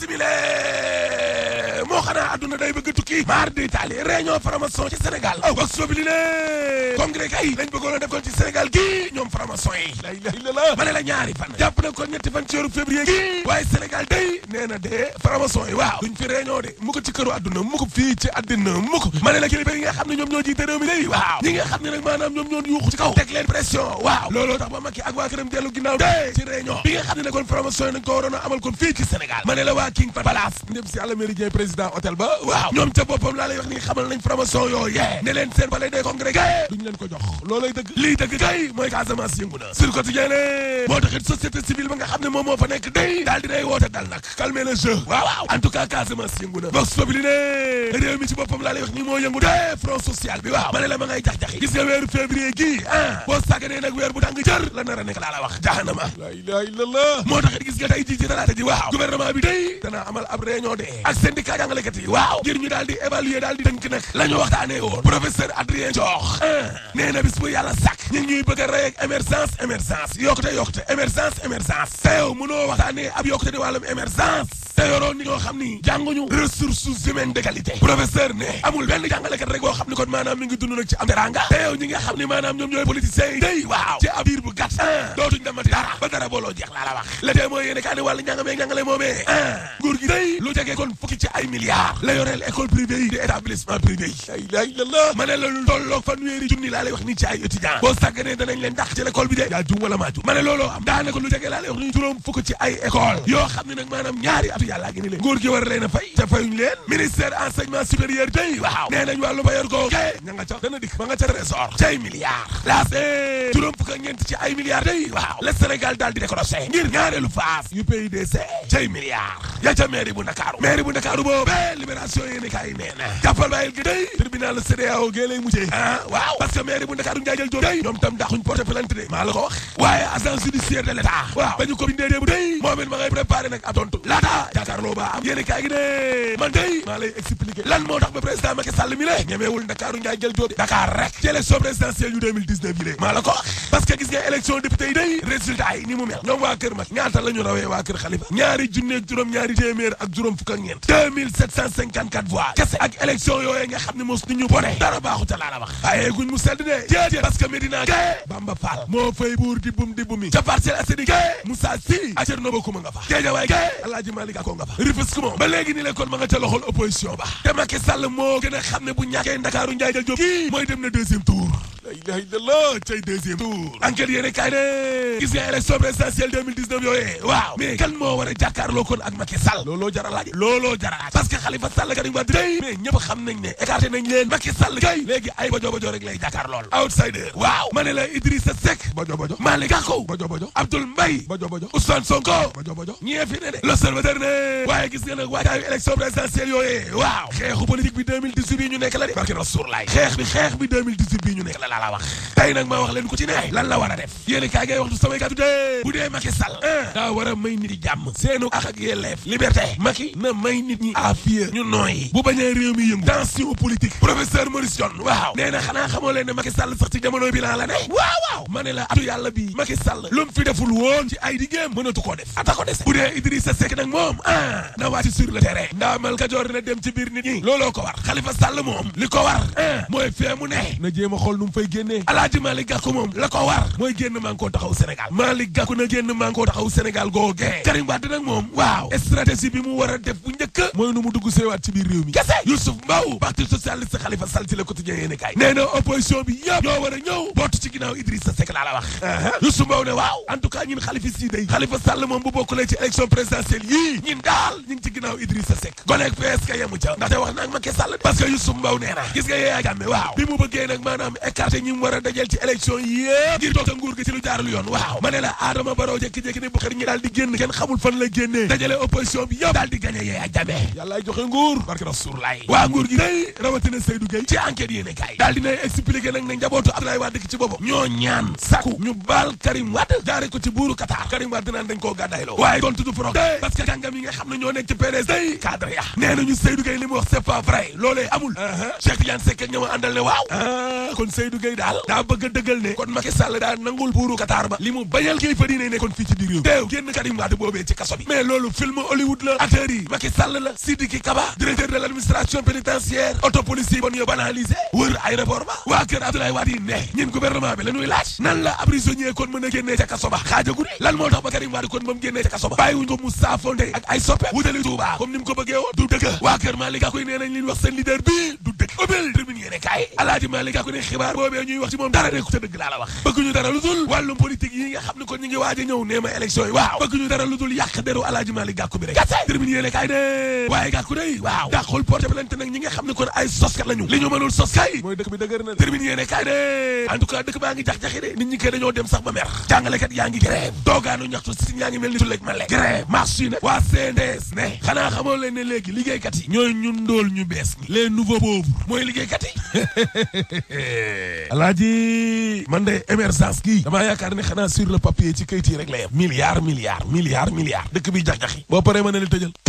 similaire xanaa adduna day bëgg a tukki maar di taali réunion franc-maçon ci Sénégal aw ba soobi li ne congrès kay lañ bëggoon a def kon ci Sénégal gi ñoom franc-maçon yi la ilaha illallah ma ne la ñaari fan jàpp na ko ñetti fan ci weeru février gi waaye Sénégal day nee na dee waaw duñ fi de mu ci këru adduna mu fii ci addina mu ko ma ne la kilifa yi nga day waaw ñi nga xam ne nag maanaam ñoom ñoo yuuxu ci kaw teg leen pression waaw looloo tax ba Macky ak waa këram dellu ginnaaw de ci hôtel ba waaw ñoom ca boppam laa lay wax ni xamal nañ promotion formation yooyee ne leen seen palais des congrès kay duñ leen ko jox loolay dëgg lii dëgg kay mooy Casamance yëngu na sur quotidien ne moo taxit société civile ba nga xam ne moom moo fa nekk day daal day woote dal nag calmer le jeu waaw en tout cas Casamance yëngu na vox populi ne réew mi ci boppam laa lay wax ni moo yëngu de front social bi waaw ma ne la ma ngay jax-jaxi gis nga weeru février gii ah boo sàgganee nag weer bu tàng jër la nar a nekk laa la wax jahanama la ilaha illallah moo taxit gis nga tey ji ci talaata ji waaw gouvernement bi day dana amal ab réunion de ak syndicat jàngale jàngalekat yi waaw ngir ñu daal di évaluer daal di tënk nag la ñu waxtaanee woon professeur Adrien Dior ah. nee bis bu yàlla sàkk ñu ñuy bëgg a rey ak émergence émergence yokkute yokkute émergence émergence teew mënoo ab yokkute di wàllum te yoroo ni ñoo xam ni jànguñu ressources humaines de la wax yoreel école privée yi di établissement privé yi la ilaha illallah ma ne la lu wax ni ci ay étudiants boo sàgganee danañ leen dàq ci l'école bi de yaa jum wala maa jum ma ne am daanaka lu jegee laa wax ni juróom fukki ci ay école yoo xam ne nag maanaam ñaari at yàllaa gi nguur gi war leen a fay te fayuñu leen ministère enseignement supérieur day waaw nee nañ wàllu bayor ko ña nga ca dana dikk ma nga ca trésor cay milliard juróom fukk ak ñeent ci ay milliards day waaw le Sénégal daal di décroché ngir ñaareelu phase yu PIDC jëy milliards ya ca mairie bu Ndakaaru mairie bu Ndakaaru boobu libération yéeni kaay nee na jàppal gi day tribunal CEDEAO gée lay mujjee ah waaw parce que bu Ndakaaru njaajël joob day maa la ko waaye agence judiciaire de l'État waaw ba ñu ko bindee déebu day moom it ma ngay préparé nag a tontu laata jàkkaarloo ba joob Dakar rek ci élection présidentielle yu de parce que gis nga élection député yi day résultat yi ni mu mel ñoom waa kër Macky ñaata la ñu rawee waa kër Khalifa ñaari junneeg juróom ñaari téeméer ak juróom fukk ak ñeent 2754 voix kese ak élection yooyu nga xam ne mos ni ñu bone dara baaxu ca laa la wax waaye mu sedd de jéejée parce que Medina kee Bamba Fall moo fay buur di bum di bumi ca Parcelles Assainies kee Moussa Sy ak Thierno Bocoum nga fa Guédiawaye kee Alaaji Malick Gakou nga fa Rufisque moom ba léegi ni lekkoon ma nga ca loxol opposition ba te Sall moo gën a xam ne bu ñàkkee Ndakaaru njaajal jóg kii mooy dem na deuxième tour la ilaha illallah cay deuxième tour enquête yéene kaay ne gis nga élection présidentielle 2019 yooyee waaw mais kan moo war a jàkkaarloo ak Macky Sall looloo jara laaj looloo jara laaj parce Khalifa Sall Karim Wade day mais ñëpp xam ne écarté nañ leen Macky Sall kay léegi ay bajo bajo rek lay jàkkaar lool outsider waaw ma ne la Idrissa Seck bajo bajo Malick Gakou bajo bajo Abdoul Mbaye bajo ne de l'observateur ne waaye gis nga waaw xeex bi xeex bi laa la tey nag ma wax leen ku ci ne lan la war a def yéeni kaay wax du samay kàddu de bu dee Macky Sall ah, daa war a may nit ñi affaire ñu nooyi bu bañee réew mi yëngu tension politique professeur Maurice waaw nee na xanaa xamoo leen ne Macky sax ci jamono bi laa la ne waaw waaw ma ne la atu yàlla bi Macky Sall lu mu fi deful woon ci ay diggéem mënatu koo def ata ko dese bu dee Idrissa Seck nag moom ah, na wàcc sur le terrain ndaamal Kajoor na dem ci biir nit ñi ah, a xool nu génnee alaaji Malick Gakou moom la ko war mooy génn maa ngi taxaw Sénégal Malick Gakou na génn maa ngi taxaw Sénégal googee Karim Wade nag moom waaw stratégie bi mu war a def bu njëkk mooy nu mu dugg seewaat ci biir réew mi kese Youssouf Mbaw parti socialiste Khalifa Sall ci le quotidien yéene kaay nee na opposition bi yëpp ñoo war ñëw bootu ci ginnaaw Idrissa Seck laa la wax uh-huh. Youssouf Mbaw ne waaw en tout cas ñun Khalifa Sall moom bu bokkulee te ñi mu a dajal ci élection yëpp ngir toog sa nguur gi ci lu jaarul yoon waaw ma la Adama Barrow jékki-jékki ne bu xër di génn kenn xamul fan la génnee dajale opposition bi yëpp daal di gagné yee ak jabe yàllaay joxe nguur waa nguur gi day rawatina Seydou ci enquête yéene kaay daal di nay expliqué nag ne njabootu Abdoulaye Wade ci boppam ñoo ñaan sakku ñu baal Karim Wade jaare ko ci buuru waaye tontu du pro parce que kàngam nga xam ne ñoo nekk ci PDS day cadre Gueye daal daa bëgg a dëggal ne kon Macky Sall daa nangul buuru Qatar ba li mu bañal kilifa diine nekkoon fii ci biir réew génn Karim Wade boobee ci kaso bi mais loolu film Hollywood la acteurs yi Macky Sall la Sidiki Kaba directeur de l' administration pénitentiaire bon yo banalisé wër aéroport ba waa kër Abdoulaye Wade yi ne ñun gouvernement bi la laaj nan la ab prisonnier kon mën a génnee ca kaso ba xaajagu lan moo tax ba Karim Wade kon ba mu ubbil tribune yéene kaay alaaji Malick Gakou ne xibaar boobee ñuy wax ci moom dara nekku ca dëgg laa la wax bëgguñu dara lu dul wàllum politique yi nga xam ne kon ñu ngi a ñëw nee ma élection yi waaw bëgguñu dara lu dul yàq deru alaaji Malick Gakou bi rek kese tribune yéene waaye Gakou day waaw dàqul porte nag ñi nga xam ne kon ay soskat lañu li ñu mënul sos kay mooy dëkk bi dëgër na tribune yéene kaay ne en dëkk baa ngi jax-jaxi de yi nag waa ñu bees mooy liggéeykat yi alaaji man de émergence kii damaa yaakaar ne xanaa sur le papier ci kayit yi rek la yem milliard milliard milliard milliard dëkk bi jax-jaxi boo paree ma ne la tëjal